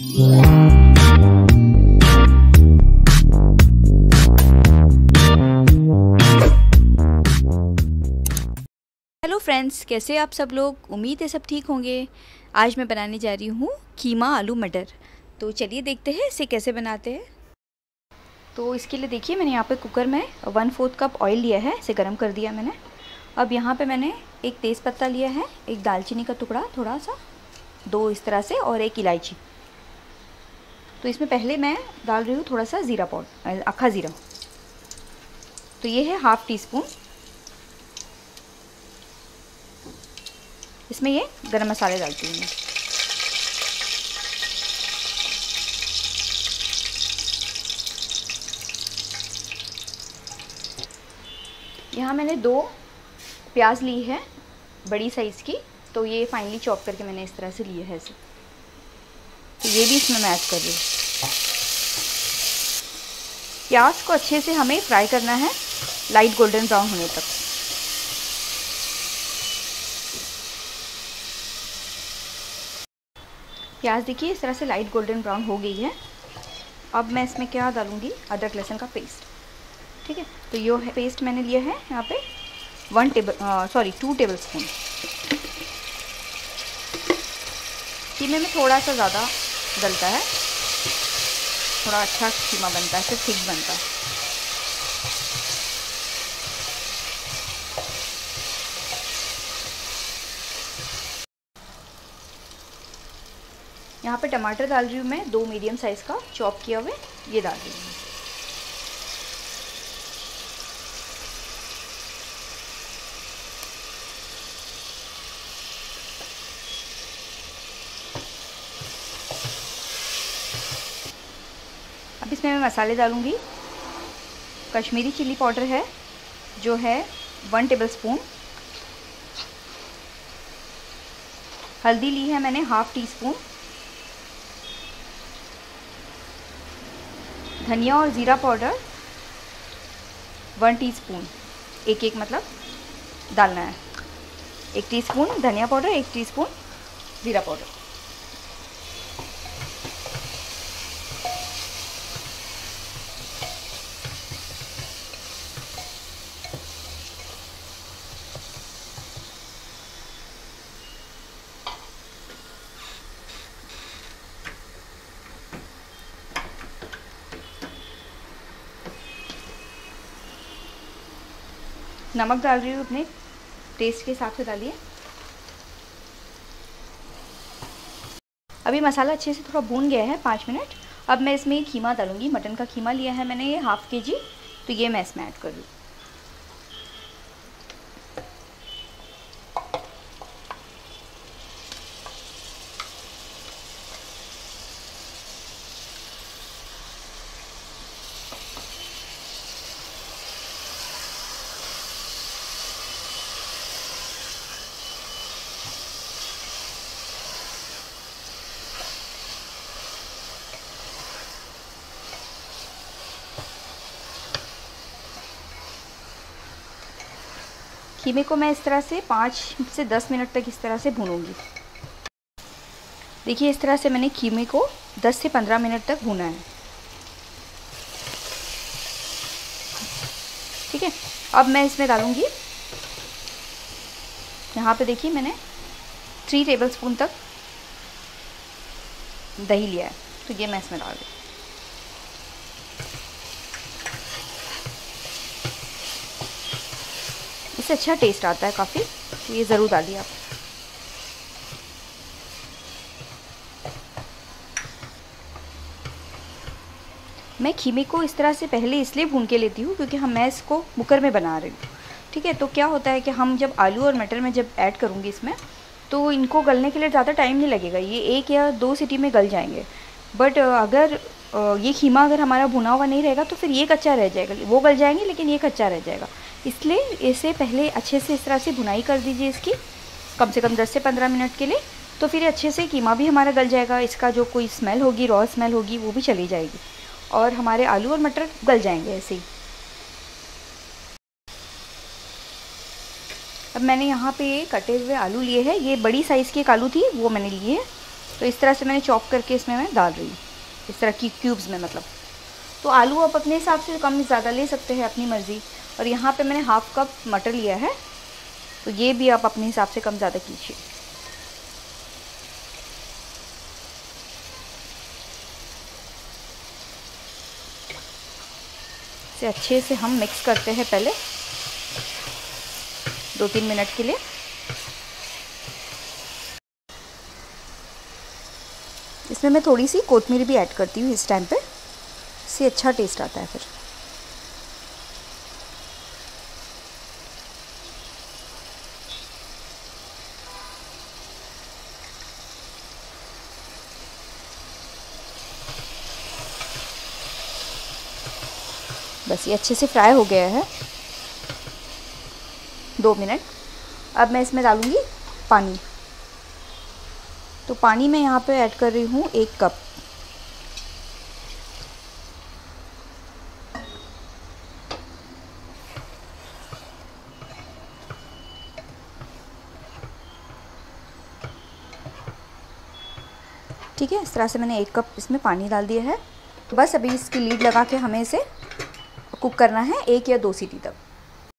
hello friends कैसे आप सब लोग उम्मीद है सब ठीक होंगे आज मैं बनाने जा रही हूँ कीमा आलू मटर तो चलिए देखते हैं इसे कैसे बनाते हैं तो इसके लिए देखिए मैंने यहाँ पे कुकर में वन फोर्थ कप ऑयल लिया है इसे गर्म कर दिया मैंने अब यहाँ पे मैंने एक तेज पत्ता लिया है एक दालचीनी का टुकड़ा थोड़ा सा दो इस तरह से और एक इलायची तो इसमें पहले मैं डाल रही हूँ थोड़ा सा ज़ीरा पाउडर अखा ज़ीरा तो ये है हाफ टी स्पून इसमें ये गरम मसाले डालती हूँ यहाँ मैंने दो प्याज ली है बड़ी साइज़ की तो ये फाइनली चॉप करके मैंने इस तरह से लिया है इसे तो ये भी इसमें मैं ऐड कर रही हूँ प्याज को अच्छे से हमें फ्राई करना है लाइट गोल्डन ब्राउन होने तक प्याज देखिए इस तरह से लाइट गोल्डन ब्राउन हो गई है अब मैं इसमें क्या डालूंगी अदरक लहसुन का पेस्ट ठीक है तो यो है पेस्ट मैंने लिया है यहाँ पे one table sorry two tablespoon घी में थोड़ा सा ज़्यादा डलता है थोड़ा अच्छा कीमा बनता है फिर ठीक बनता है यहाँ पे टमाटर डाल रही हूँ मैं दो मीडियम साइज़ का चॉप किया हुए ये डाल रही हूँ अब इसमें मैं मसाले डालूँगी कश्मीरी चिल्ली पाउडर है जो है वन टेबल स्पून हल्दी ली है मैंने हाफ टी स्पून धनिया और ज़ीरा पाउडर वन टीस्पून एक एक मतलब डालना है एक टीस्पून धनिया पाउडर एक टीस्पून ज़ीरा पाउडर नमक डाल रही हूँ अपने टेस्ट के हिसाब से डालिए अभी मसाला अच्छे से थोड़ा भून गया है पाँच मिनट अब मैं इसमें कीमा डालूंगी मटन का कीमा लिया है मैंने ये हाफ़ के जी तो ये मैं इसमें ऐड कर दूँ खीमे को मैं इस तरह से पाँच से दस मिनट तक इस तरह से भूनूंगी देखिए इस तरह से मैंने खीमे को दस से पंद्रह मिनट तक भूना है ठीक है अब मैं इसमें डालूंगी यहाँ पे देखिए मैंने थ्री टेबलस्पून तक दही लिया है तो ये मैं इसमें डाल दूँ से अच्छा टेस्ट आता है काफ़ी तो ये ज़रूर डालिए आप मैं खीमे को इस तरह से पहले इसलिए भून के लेती हूँ क्योंकि हम मैं इसको कुकर में बना रही हूँ ठीक है तो क्या होता है कि हम जब आलू और मटर में जब ऐड करूँगी इसमें तो इनको गलने के लिए ज़्यादा टाइम नहीं लगेगा ये एक या दो सिटी में गल जाएंगे बट अगर ये खीमा अगर हमारा भुना हुआ नहीं रहेगा तो फिर ये कच्चा रह जाएगा वो गल जाएंगे लेकिन ये कच्चा रह जाएगा इसलिए इसे पहले अच्छे से इस तरह से भुनाई कर दीजिए इसकी कम से कम 10 से 15 मिनट के लिए तो फिर अच्छे से कीमा भी हमारा गल जाएगा इसका जो कोई स्मेल होगी रॉ स्मेल होगी वो भी चली जाएगी और हमारे आलू और मटर गल जाएंगे ऐसे ही अब मैंने यहाँ पे कटे हुए आलू लिए हैं ये बड़ी साइज़ की एक आलू थी वो मैंने लिए है तो इस तरह से मैंने चॉप करके इसमें मैं डाल रही हूँ इस तरह की क्यूब्स में मतलब तो आलू आप अपने हिसाब से कम ज़्यादा ले सकते हैं अपनी मर्ज़ी और यहाँ पे मैंने हाफ़ कप मटर लिया है तो ये भी आप अपने हिसाब से कम ज़्यादा कीजिए से अच्छे से हम मिक्स करते हैं पहले दो तीन मिनट के लिए इसमें मैं थोड़ी सी कोतमीर भी ऐड करती हूँ इस टाइम पे इससे अच्छा टेस्ट आता है फिर बस ये अच्छे से फ्राई हो गया है दो मिनट अब मैं इसमें डालूँगी पानी तो पानी मैं यहाँ पे ऐड कर रही हूँ एक कप ठीक है इस तरह से मैंने एक कप इसमें पानी डाल दिया है बस अभी इसकी लीड लगा के हमें इसे कुक करना है एक या दो सीटी तक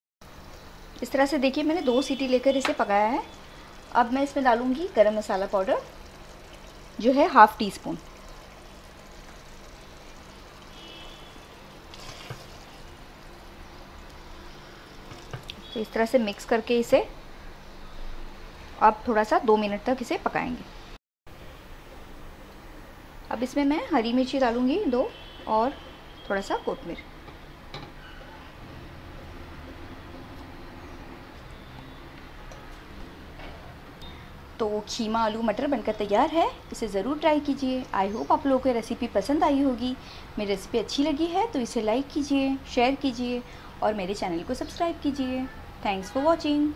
इस तरह से देखिए मैंने दो सीटी लेकर इसे पकाया है अब मैं इसमें डालूँगी गरम मसाला पाउडर जो है हाफ़ टी स्पून तो इस तरह से मिक्स करके इसे आप थोड़ा सा दो मिनट तक इसे पकाएंगे अब इसमें मैं हरी मिर्ची डालूंगी दो और थोड़ा सा कोतमीर तो खीमा आलू मटर बनकर तैयार है इसे ज़रूर ट्राई कीजिए आई होप आप लोगों को रेसिपी पसंद आई होगी मेरी रेसिपी अच्छी लगी है तो इसे लाइक कीजिए शेयर कीजिए और मेरे चैनल को सब्सक्राइब कीजिए थैंक्स फॉर वॉचिंग